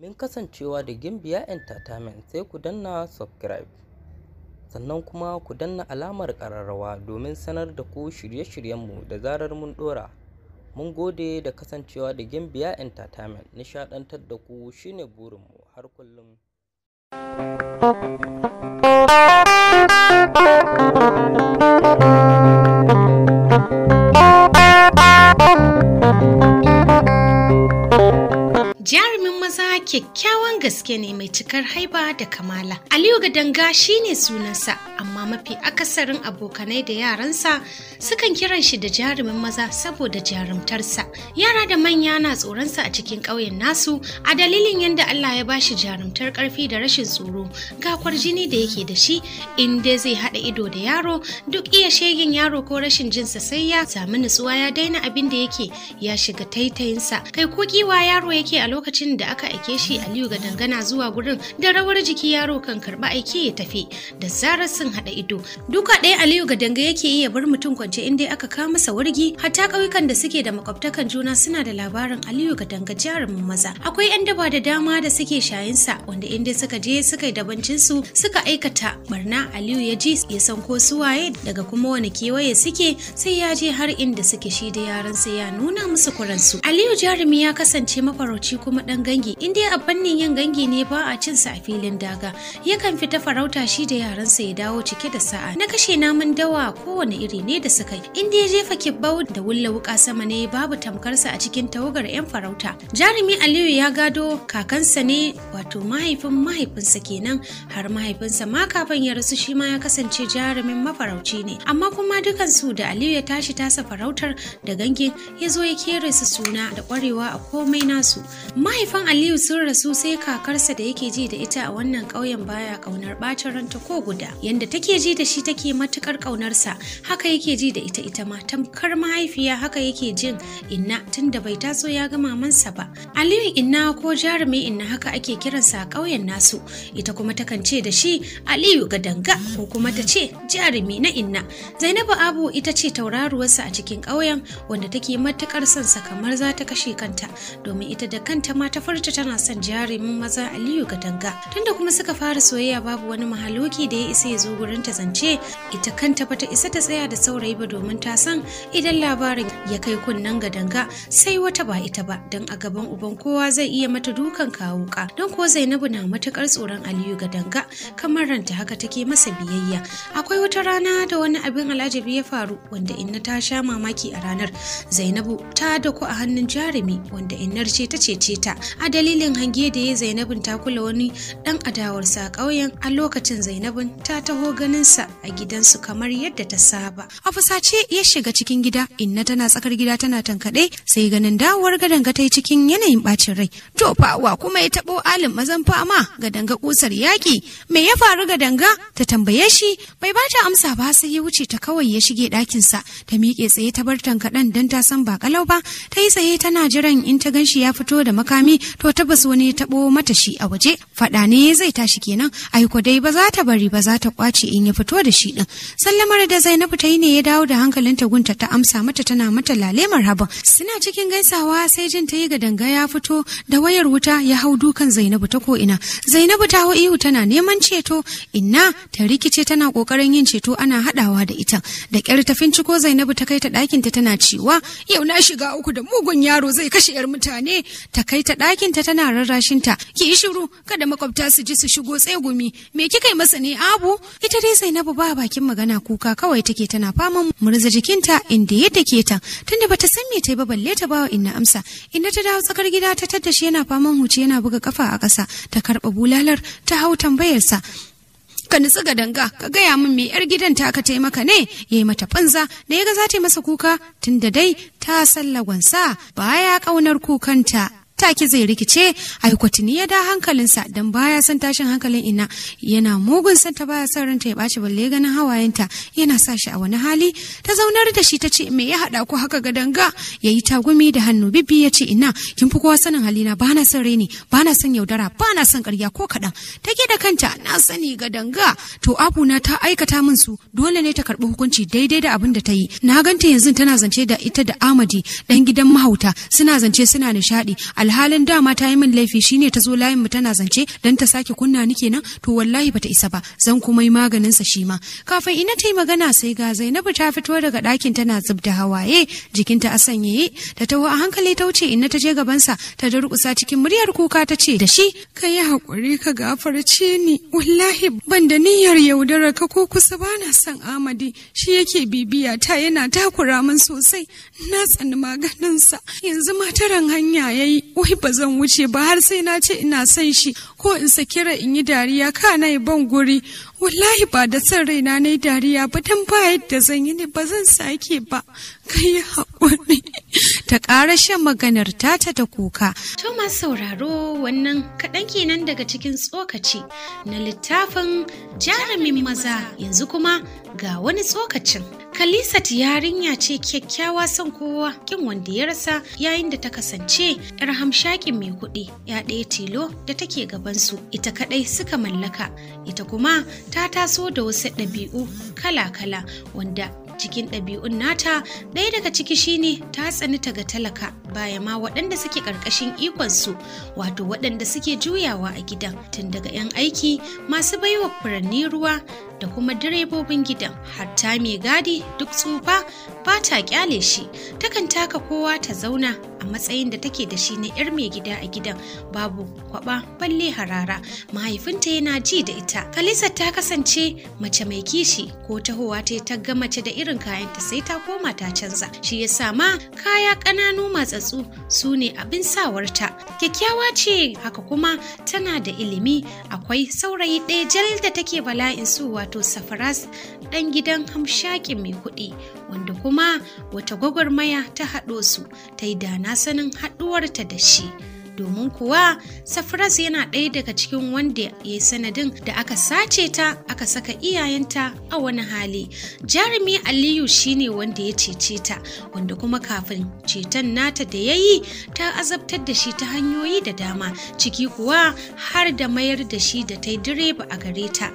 Min kasancewa da Gimbiya Entertainment sai ku danna subscribe. Sannan kuma ku danna alamar ƙararrawa domin sanar da ku shirye-shiryenmu da zarar mun ɗora. Mun gode da kasancewa da Gimbiya Entertainment nishaɗantar da ku shine burinmu har kullum. ki ke gaske ne mai cikar haiba da kamala. Aliyu Gadanga shi ne sunansa, amma mafi akasarin abokanai da yaransa sukan kiran shi da jarumin maza saboda jarumtarsa. Yara da manya na tsoronsa a cikin ƙauyen nasu a dalilin yadda Allah ya bashi jarumtar ƙarfi da rashin tsoro gakwar jini da yake da shi in dai zai haɗa ido da yaro duk iya shegin yaro ko rashin jinsa sai ya sami nutsuwa ya daina abin da yake ya shiga taitayinsa kai ko kiwa yaro yake a lokacin da aka aike shi Aliyu Gadanga magana zuwa gurin da rawar jiki yaro kan karba aiki ya tafi da zarar sun haɗa ido duka ɗaya aliyu ga danga yake iya bar mutum kwance inda aka kama masa wargi hatta kauyukan da suke da makwabtakan juna suna da labarin aliyu ga danga jarumin maza akwai 'yan daba da dama da suke shayinsa wanda inda suka je suka yi su suka aikata barna aliyu ya ji ya san ko su waye daga kuma wani kewaye suke sai ya je har inda suke shi da yaran sai ya nuna musu kuransu aliyu jarumi ya kasance mafarauci kuma ɗan gangi inda a fannin yin gangi dangi ne ba a cin sa a filin daga yakan fita farauta shi da yaransa ya dawo cike da sa'a na kashe namun dawa kowane iri ne da suka yi inda ya jefa kibbau da wulla wuka sama ne babu tamkarsa a cikin tawagar yan farauta jarumi aliyu ya gado kakansa ne wato mahaifin mahaifinsa kenan har mahaifinsa ma kafin ya rasu shi ma ya kasance jarumin mafarauci ne amma kuma dukansu da aliyu ya tashi tasa farautar da gange ya zo ya kere su suna da kwarewa a komai nasu Mahaifin aliyu sun rasu sai kakarsa da yake ji da ita a wannan ƙauyen baya ƙaunar ɓacin ranta ko guda yanda take ji da shi take matuƙar ƙaunarsa haka yake ji da ita ita ma tamkar mahaifiya haka yake jin inna tunda bai taso ya ga mamansa ba aliyu inna ko jarumi inna haka ake kiransa a ƙauyen nasu ita kuma takan ce da shi aliyu gadanga ko kuma ta ce jarumi na inna zainabu abu ita ce tauraruwarsa a cikin ƙauyen wanda take matuƙar son sa kamar za ta kashe kanta domin ita da kanta ma ta farta tana son jarumin maza Aliyu Katanga. Tunda kuma suka fara soyayya babu wani mahaloki da ya isa ya zo gurin ta zance, ita kanta ba ta isa ta tsaya da saurayi ba domin ta san idan labarin ya kai kunnen danga sai wata ba ita ba don a gaban uban kowa zai iya mata dukan kawuka don ko Zainabu na matukar tsoron Aliyu ga danga kamar ranta haka take masa biyayya. Akwai wata rana da wani abin alajabi ya faru wanda inna ta sha mamaki a ranar. Zainabu ta dako a hannun jarumi wanda innar ce ta cece ta a dalilin hange da ya zainabin ta kula wani dan adawarsa a ƙauyen a lokacin zainabin ta taho ganinsa a gidansu kamar yadda ta saba a fusace ya shiga cikin gida inna tana tsakar gida tana tankaɗe sai ganin dawowar gadanga ta yi cikin yanayin bacin rai to wa kuma ya taɓo alin mazan fama gadanga kusar yaƙi me ya faru gadanga ta tambaye shi bai ba ta amsa ba sai ya wuce ta kawai ya shige ɗakinsa ta miƙe tsaye ta bar tankaɗen don ta san ba kalau ba ta yi tsaye tana jiran in ta ganshi ya fito da makami to tabbas wani ya taɓo mata shi a waje faɗa ne zai tashi kenan aiko dai ba za ta bari ba za ta kwace in ya fito da shi din sallamar da zainabu ta yi ne ya dawo da ta gunta ta amsa mata tana mata lalemar habin suna cikin gaisawa sai jin ta yi ga danga ya fito da wayar wuta ya hau dukan zainabu ta ko ina zainabu ta hau ihu tana neman ceto inna ta rikice tana kokarin yin ceto ana hadawa da ita da kyar ta finciko zainabu ta kai ta dakin ta tana cewa yau na shiga uku da mugun yaro zai kashe yar mutane ta kai ta dakin ta tana rarrashin ta ki yi shiru kada makwabta su ji su shigo tsegumi me kika yi masa ne abu ita dai zainabu ba bakin magana kuka kawai take tana faman murza jikinta inda ya take ta tunda bata san me ta yi ba balle ta bawa inna amsa inna ta dawo tsakar gida ta tadda shi yana faman huce yana buga kafa a ƙasa ta karɓa bulalar ta hau tambayarsa ka nutsu ga danga ka gaya min me yar gidan ta ka taimaka ne ya mata banza da ya ga za ta yi masa kuka tunda dai ta sallawansa baya kaunar kukanta take zai rikice aikwatini ya da hankalinsa don baya san tashin hankalin ina yana mugun san ta baya son ranta ya ɓaci balle ganin hawayenta yana sa shi a wani hali ta zaunar da shi ta ce me ya haɗa ku haka ga danga ya yi tagumi da hannu bibbi ya ce ina kin fi kowa sanin halina ba na son reni ba na son yaudara ba na son ƙarya ko kaɗan ta da kanta na sani ga danga to abuna ta aikata min su dole ne ta karɓi hukunci daidai da abin da ta yi na ganta yanzu tana zance da ita da amadi ɗan gidan mahauta suna zance suna nishaɗi alhalin dama ta yi min laifi shine ta zo layin mu tana zance dan ta sake kunna ni kenan to wallahi bata isa ba zan kuma yi maganin sa shi ma kafin ina ta yi magana sai ga Zainabu ta fito daga ɗakin tana zub da hawaye jikinta a sanyaye ta taho a hankali ta wuce ina ta je gabansa ta durƙusa cikin muryar kuka ta ce da shi ka yi hakuri ka gafarce ni wallahi ban da niyyar yaudara ka ko kusa bana san Amadi shi yake bibiya ta yana takura min sosai na tsani maganinsa yanzu mataran hanya yayi wai ba zan wuce ba har sai na ce ina son shi ko in sakira in yi dariya kana ban guri wallahi ba da san raina na yi dariya ba dan ba yadda zan yi ne ba zan sake ba kai haƙuri ta ƙara shan maganar tata ta kuka. Thomas sauraro wannan kaɗan kenan daga cikin tsokaci na littafin jarumin maza yanzu kuma ga wani tsokacin. kalisat yarinya ce kyakkyawa son kowa kin wanda ya rasa yayin da ta kasance yar hamshakin mai kuɗi ya ɗaya tilo da take gabansu ita kaɗai suka mallaka ita kuma ta taso da wasu ɗabi'u kala-kala wanda cikin ɗabi'un nata ɗaya daga ciki shine ta tsani ta ga talaka baya ma waɗanda suke ƙarƙashin ikon su, wato waɗanda suke juyawa a gidan tun daga 'yan aiki masu baiwa furanni ruwa da kuma direbobin gidan hatta mai gadi duk tsufa ba ta kyale shi takan taka kowa ta zauna a matsayin da take da shi na 'yar mai gida a gidan babu kwaba balle harara mahaifinta yana ji da ita kalisa ta kasance mace mai kishi ko tahowa ta ta ga mace da irin kayanta sai ta koma ta canza shi ya sa ma kaya ƙananu matsatsu su ne abin sawarta kyakkyawa ce haka kuma tana da ilimi akwai saurayi ɗaya jal da take bala'in su wata. wato safaras ɗan gidan hamshakin mai kuɗi wanda kuma wata gwagwarmaya ta haɗo su ta yi dana sanin haɗuwarta da shi domin kuwa safaras yana ɗaya daga cikin wanda ya yi sanadin da aka sace ta aka saka iyayenta a wani hali jarumi aliyu shine wanda ya cece ta wanda kuma kafin ceton nata da ya yi ta azabtar da shi ta hanyoyi da dama ciki kuwa har da mayar da shi da ta direba a gare ta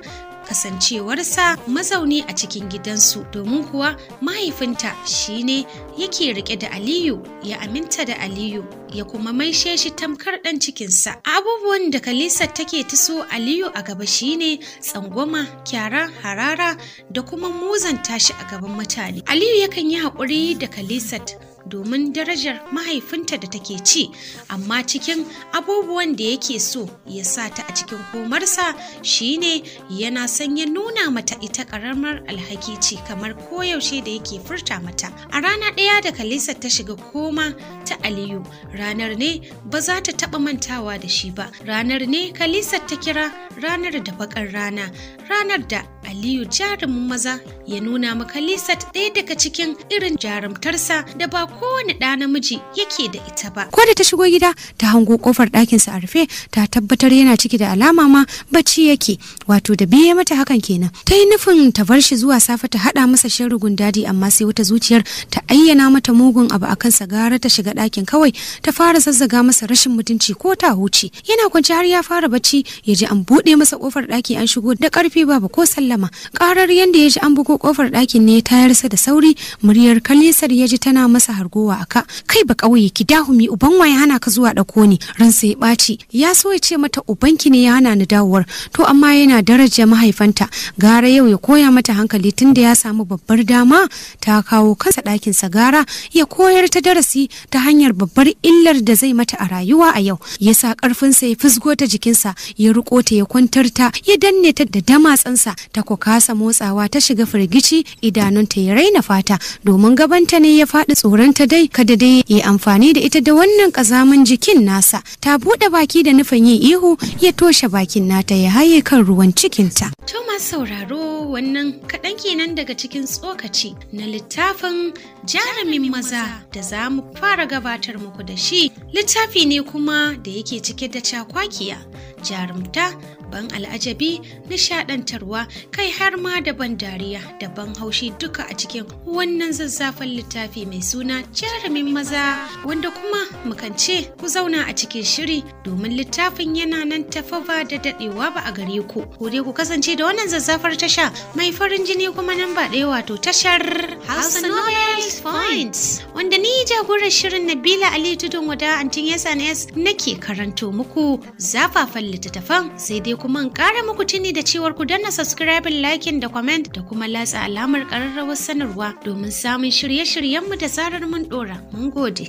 kasancewarsa mazauni a cikin gidansu domin kuwa mahaifinta shine yake rike da Aliyu ya aminta da Aliyu ya kuma maishe shi tamkar ɗan cikinsa. Abubuwan da Kalisa take ta so Aliyu a gaba shine tsangwama, kyara, harara da kuma muzanta shi a gaban mutane. Aliyu yakan yi haƙuri da Kalisat domin darajar mahaifinta da take ci amma cikin abubuwan da yake so ya sa ta a cikin komarsa shine yana son ya nuna mata ita karamar alhaki ce kamar koyaushe da yake furta mata a rana ɗaya da kalisa ta shiga koma ta aliyu ranar ne ba za ta taɓa mantawa da shi ba ranar ne kalisa ta kira ranar da baƙar rana ranar da aliyu jarumin maza ya nuna ma kalisa ɗaya daga cikin irin jarumtarsa da ba kowane ɗa namiji yake da ita ba. Ko da ta shigo gida ta hango kofar ɗakinsa a rufe ta tabbatar yana ciki da alama ma bacci yake wato da biye mata hakan kenan. Ta yi nufin ta bar shi zuwa safe ta haɗa masa rugun dadi amma sai wata zuciyar ta ayyana mata mugun abu akan sa gara ta shiga ɗakin kawai ta fara zazzaga masa rashin mutunci ko ta huce. Yana kwance har ya fara bacci ya ji an buɗe masa kofar ɗaki an shigo da ƙarfi babu ko sallama. Ƙarar yadda ya ji an bugo kofar ɗakin ne ya tayarsa da sauri muryar kalisar ya ji tana masa hargowa aka kai ba ƙauye ki dahumi uban wa ya hana ka zuwa ɗauko ni sai ya ɓaci ya so ya ce mata ubanki ne ya hana ni dawowar to amma yana daraja mahaifanta gara yau ya koya mata hankali tun da ya samu babbar dama ta kawo kansa ɗakinsa gara ya koyar ta darasi ta hanyar babbar illar da zai mata a rayuwa a yau ya sa ƙarfinsa ya fusgo ta jikinsa ya riko ta ya kwantar ta ya danne ta da damatsansa ta ko kasa motsawa ta shiga firgici idanunta ya raina fata domin gabanta ne ya faɗi tsoron ta dai kada dai ya amfani da ita da wannan kazamin jikin nasa ta buɗe baki da nufin yin ihu ya toshe bakin nata ya haye kan ruwan cikinta. To masu sauraro wannan kaɗan kenan daga cikin tsokaci na littafin jarumin maza da za mu fara gabatar muku da shi littafi ne kuma da yake cike da cakwakiya jarumta ban al'ajabi nishadantarwa kai har ma da ban dariya da ban haushi duka a cikin wannan zazzafan littafi mai suna jarumin maza wanda kuma mukan ce ku zauna a cikin shiri domin littafin yana nan tafa ba da dadewa ba a gare ku ku dai ku kasance da wannan zazzafar tasha mai farin jini kuma nan ba ɗaya wato tashar hausa novels Six Points wanda ni jagorar shirin Nabila Ali Tudun Wada Antin SNS nake karanto muku zafafan littattafan sai dai kuma in kara muku tuni da cewar ku danna subscribe, like da comment da kuma latsa alamar kararrawar sanarwa domin samun shirye-shiryenmu da zarar mun dora. Mun gode.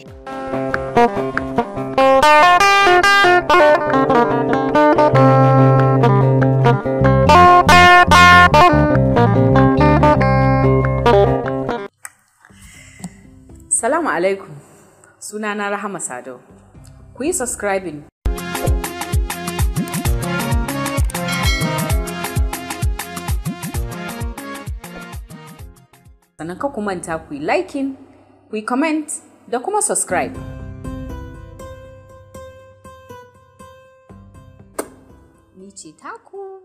alaikum. Sunana Rahama Sadau. Ku yi subscribing. Sannan ka kumanta ku yi liking, ku yi comment da kuma subscribe. Ni ce taku.